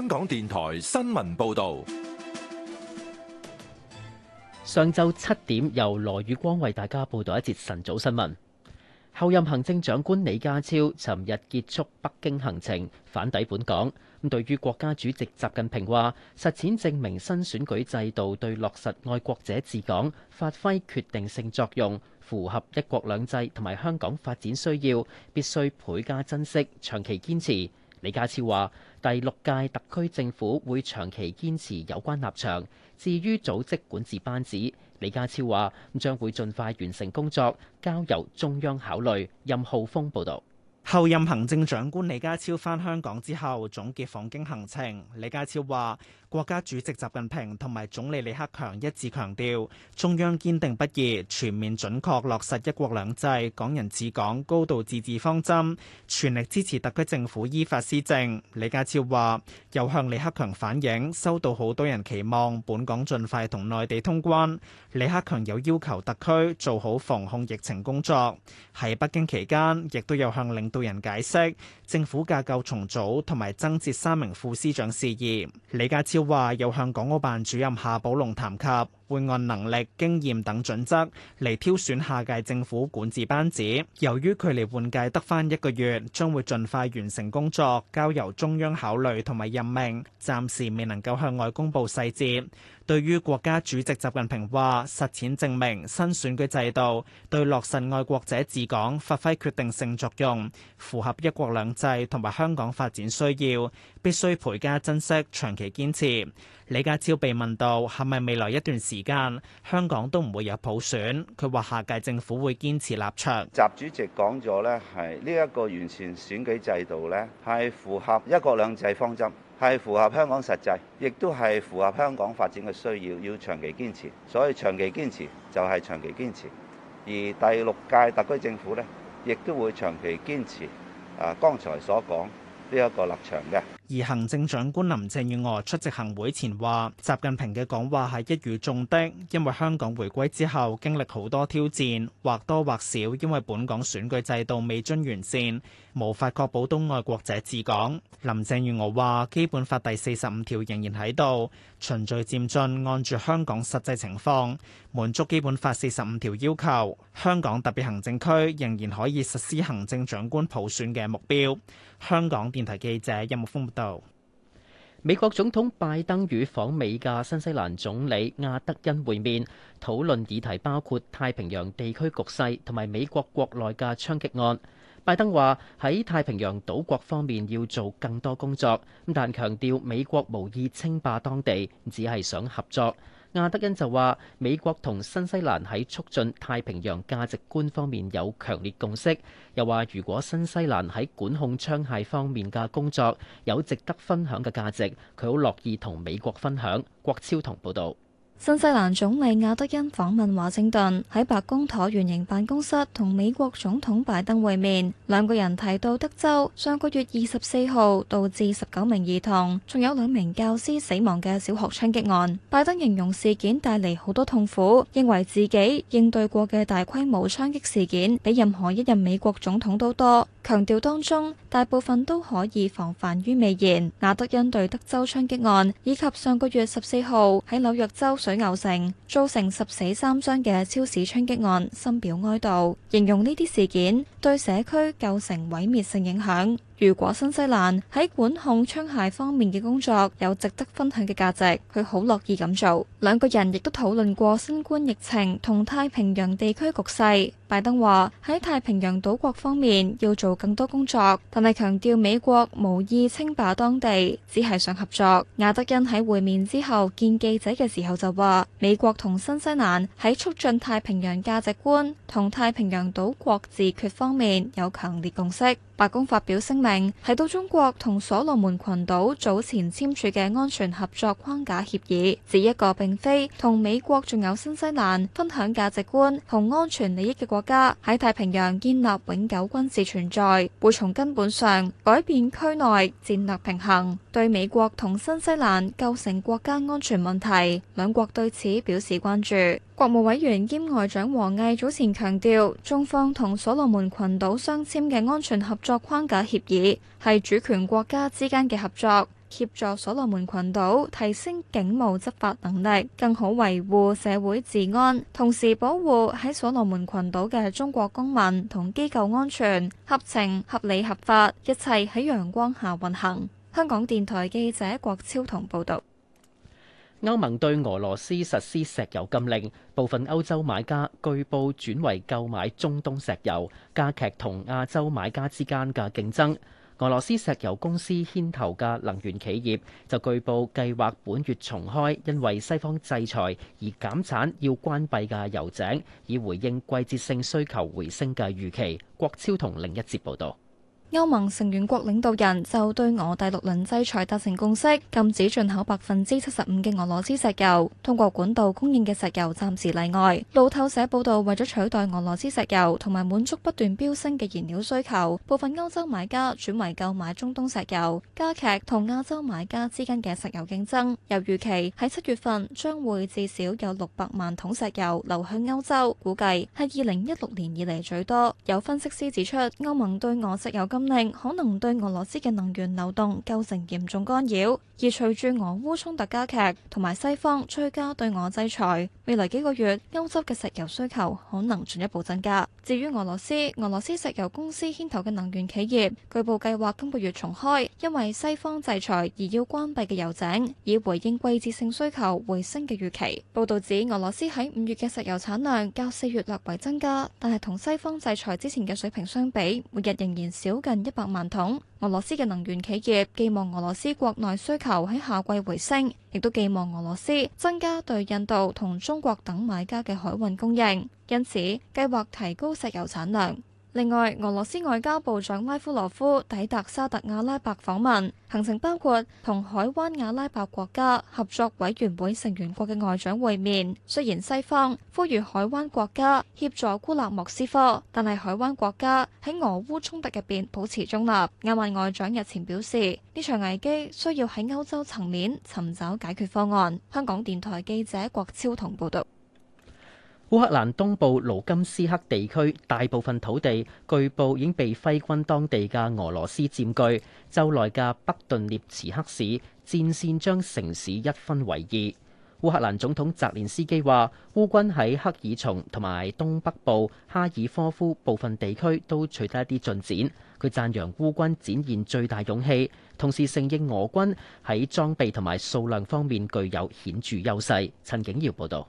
香港電台新聞報道，上晝七點由羅宇光為大家報道一節晨早新聞。候任行政長官李家超尋日結束北京行程，返抵本港。咁對於國家主席習近平話，實踐證明新選舉制度對落實愛國者治港發揮決定性作用，符合一國兩制同埋香港發展需要，必須倍加珍惜，長期堅持。李家超話：第六屆特區政府會長期堅持有關立場。至於組織管治班子，李家超話將會盡快完成工作，交由中央考慮。任浩峰報導。候任行政長官李家超返香港之後總結訪京行程，李家超話。國家主席習近平同埋總理李克強一致強調，中央堅定不移全面準確落實一國兩制、港人治港、高度自治方針，全力支持特區政府依法施政。李家超話：又向李克強反映，收到好多人期望本港盡快同內地通關。李克強有要求特區做好防控疫情工作。喺北京期間，亦都有向領導人解釋政府架構重組同埋增設三名副司長事宜。李家超。都話又向港澳辦主任夏寶龍談及。會按能力、經驗等準則嚟挑選下屆政府管治班子。由於距離換屆得翻一個月，將會盡快完成工作，交由中央考慮同埋任命。暫時未能夠向外公布細節。對於國家主席習近平話實踐證明，新選舉制度對落實愛國者治港發揮決定性作用，符合一國兩制同埋香港發展需要，必須倍加珍惜，長期堅持。李家超被問到係咪未來一段時間香港都唔會有普選，佢話下屆政府會堅持立場。習主席講咗呢，係呢一個完善選舉制度呢，係符合一國兩制方針，係符合香港實際，亦都係符合香港發展嘅需要，要長期堅持。所以長期堅持就係長期堅持，而第六屆特區政府呢，亦都會長期堅持啊剛才所講呢一個立場嘅。而行政長官林鄭月娥出席行會前話：習近平嘅講話係一語中的，因為香港回歸之後經歷好多挑戰，或多或少，因為本港選舉制度未臻完善，無法確保由愛國者治港。林鄭月娥話：基本法第四十五條仍然喺度，循序漸進，按住香港實際情況，滿足基本法四十五條要求，香港特別行政區仍然可以實施行政長官普選嘅目標。香港電台記者任木豐。美國總統拜登與訪美嘅新西蘭總理阿德恩會面，討論議題包括太平洋地區局勢同埋美國國內嘅槍擊案。拜登話喺太平洋島國方面要做更多工作，但強調美國無意稱霸當地，只係想合作。亞德恩就話：美國同新西蘭喺促進太平洋價值觀方面有強烈共識，又話如果新西蘭喺管控槍械方面嘅工作有值得分享嘅價值，佢好樂意同美國分享。郭超同報道。新西蘭總理阿德恩訪問華盛頓，喺白宮橢圓形辦公室同美國總統拜登會面。兩個人提到德州上個月二十四號導致十九名兒童，仲有兩名教師死亡嘅小學槍擊案。拜登形容事件帶嚟好多痛苦，認為自己應對過嘅大規模槍擊事件比任何一任美國總統都多，強調當中大部分都可以防範於未然。阿德恩對德州槍擊案以及上個月十四號喺紐約州。水牛城造成十死三傷嘅超市槍擊案，深表哀悼，形容呢啲事件對社區構成毀滅性影響。如果新西蘭喺管控槍械方面嘅工作有值得分享嘅價值，佢好樂意咁做。兩個人亦都討論過新冠疫情同太平洋地區局勢，拜登話喺太平洋島國方面要做更多工作，但係強調美國無意稱霸當地，只係想合作。亞德恩喺會面之後見記者嘅時候就話，美國同新西蘭喺促進太平洋價值觀同太平洋島國自決方面有強烈共識。白宮發表聲明，提到中國同所羅門群島早前簽署嘅安全合作框架協議，指一個並非同美國仲有新西蘭分享價值觀同安全利益嘅國家，喺太平洋建立永久軍事存在，會從根本上改變區內戰略平衡。對美國同新西蘭構成國家安全問題，兩國對此表示關注。國務委員兼外長王毅早前強調，中方同所羅門群島相簽嘅安全合作框架協議，係主權國家之間嘅合作，協助所羅門群島提升警務執法能力，更好維護社會治安，同時保護喺所羅門群島嘅中國公民同機構安全，合情合理合法，一切喺陽光下運行。香港電台記者郭超同報道：歐盟對俄羅斯實施石油禁令，部分歐洲買家據報轉為購買中東石油，加劇同亞洲買家之間嘅競爭。俄羅斯石油公司牽頭嘅能源企業就據報計劃本月重開，因為西方制裁而減產要關閉嘅油井，以回應季節性需求回升嘅預期。郭超同另一節報道。歐盟成員國領導人就對俄第六輪制裁達成共識，禁止進口百分之七十五嘅俄羅斯石油，通過管道供應嘅石油暫時例外。路透社報道，為咗取代俄羅斯石油同埋滿足不斷飆升嘅燃料需求，部分歐洲買家轉為購買中東石油，加劇同亞洲買家之間嘅石油競爭。又預期喺七月份將會至少有六百萬桶石油流向歐洲，估計係二零一六年以嚟最多。有分析師指出，歐盟對俄石油金令可能對俄羅斯嘅能源流動構成嚴重干擾，而隨住俄烏衝突加劇同埋西方追加對俄制裁，未來幾個月歐洲嘅石油需求可能進一步增加。至於俄羅斯，俄羅斯石油公司牽頭嘅能源企業據報計劃今個月重開因為西方制裁而要關閉嘅油井，以回應季節性需求回升嘅預期。報道指俄羅斯喺五月嘅石油產量較四月略為增加，但係同西方制裁之前嘅水平相比，每日仍然少近一百萬桶。俄羅斯嘅能源企業寄望俄羅斯國內需求喺夏季回升，亦都寄望俄羅斯增加對印度同中國等買家嘅海運供應，因此計劃提高石油產量。另外，俄羅斯外交部長拉夫羅夫抵達沙特阿拉伯訪問，行程包括同海灣阿拉伯國家合作委員會成員國嘅外長會面。雖然西方呼籲海灣國家協助孤立莫斯科，但係海灣國家喺俄烏衝突入邊保持中立。亞曼外長日前表示，呢場危機需要喺歐洲層面尋找解決方案。香港電台記者郭超同報道。烏克蘭東部盧甘斯克地區大部分土地據報已經被揮軍當地嘅俄羅斯佔據。州內嘅北頓涅茨克市戰線將城市一分為二。烏克蘭總統澤連斯基話：烏軍喺赫爾松同埋東北部哈爾科夫部分地區都取得一啲進展。佢讚揚烏軍展現最大勇氣，同時承認俄軍喺裝備同埋數量方面具有顯著優勢，陳景耀報道。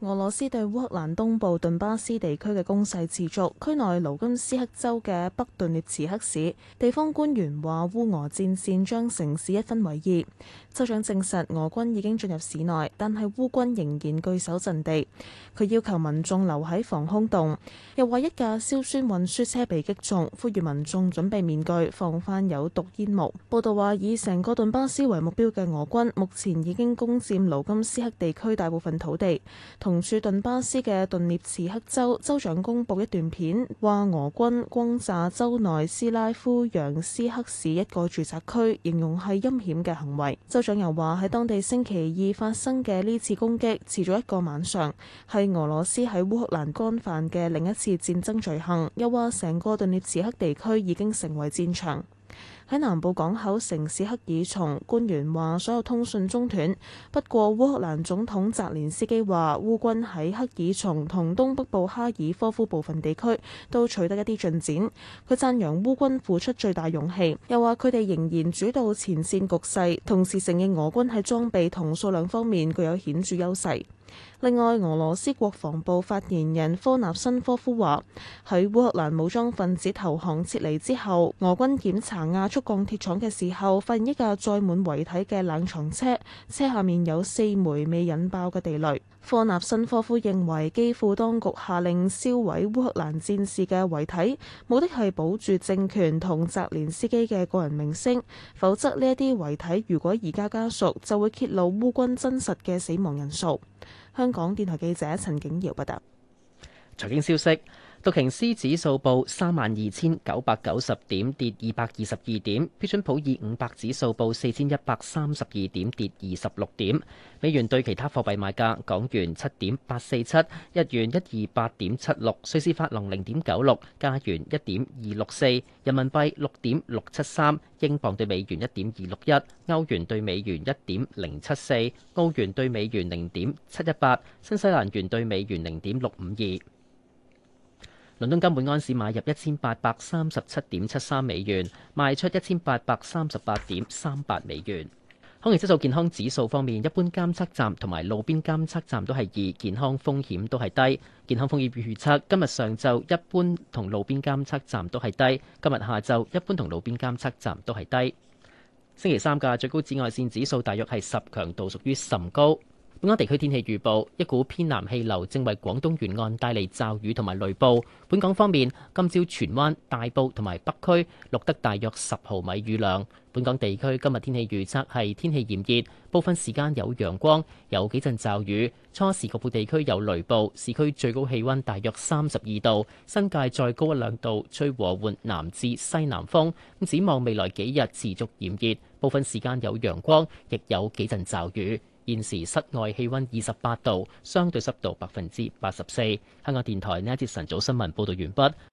俄羅斯對烏克蘭東部頓巴斯地區嘅攻勢持續，區內盧金斯克州嘅北頓涅茨克市地方官員話烏俄戰線將城市一分為二。州長證實俄軍已經進入市內，但係烏軍仍然據守陣地。佢要求民眾留喺防空洞，又話一架硝酸運輸車被擊中，呼籲民眾準備面具，防範有毒煙霧。報道話以成個頓巴斯為目標嘅俄軍，目前已經攻佔盧金斯克地區大部分土地。同處頓巴斯嘅頓涅茨克州州長公布一段片，話俄軍轟炸州內斯拉夫揚斯克市一個住宅區，形容係陰險嘅行為。州長又話喺當地星期二發生嘅呢次攻擊，持續咗一個晚上，係俄羅斯喺烏克蘭幹犯嘅另一次戰爭罪行，又話成個頓涅茨克地區已經成為戰場。喺南部港口城市赫爾松，官員話所有通訊中斷。不過烏克蘭總統澤連斯基話烏軍喺赫爾松同東北部哈爾科夫部分地區都取得一啲進展。佢讚揚烏軍付出最大勇氣，又話佢哋仍然主導前綫局勢，同時承認俄軍喺裝備同數量方面具有顯著優勢。另外，俄羅斯國防部發言人科納申科夫話：喺烏克蘭武裝分子投降撤離之後，俄軍檢查亞速鋼鐵廠嘅時候，發現一架載滿遺體嘅冷藏車，車下面有四枚未引爆嘅地雷。科納申科夫認為，基輔當局下令燒毀烏克蘭戰士嘅遺體，目的係保住政權同澤連斯基嘅個人名聲，否則呢一啲遺體如果移交家屬就會揭露烏軍真實嘅死亡人數。香港電台記者陳景瑤報道。財經消息。道瓊斯指數報三萬二千九百九十點，跌二百二十二點。標準普爾五百指數報四千一百三十二點，跌二十六點。美元對其他貨幣賣價：港元七點八四七，日元一二八點七六，瑞士法郎零點九六，加元一點二六四，人民幣六點六七三，英鎊對美元一點二六一，歐元對美元一點零七四，澳元對美元零點七一八，新西蘭元對美元零點六五二。倫敦金每安士買入一千八百三十七點七三美元，賣出一千八百三十八點三八美元。空氣質素健康指數方面，一般監測站同埋路邊監測站都係二，健康風險都係低。健康風險預測今日上晝一般同路邊監測站都係低，今日下晝一般同路邊監測站都係低。星期三嘅最高紫外線指數大約係十，強度屬於甚高。本港地區天氣預報，一股偏南氣流正為廣東沿岸帶嚟驟雨同埋雷暴。本港方面，今朝荃灣、大埔同埋北區錄得大約十毫米雨量。本港地區今日天氣預測係天氣炎熱，部分時間有陽光，有幾陣驟雨。初時局部地區有雷暴，市區最高氣溫大約三十二度，新界再高一兩度，吹和緩南至西南風。咁，展望未來幾日持續炎熱，部分時間有陽光，亦有幾陣驟雨。現時室外氣溫二十八度，相對濕度百分之八十四。香港電台呢一節晨早新聞報道完畢。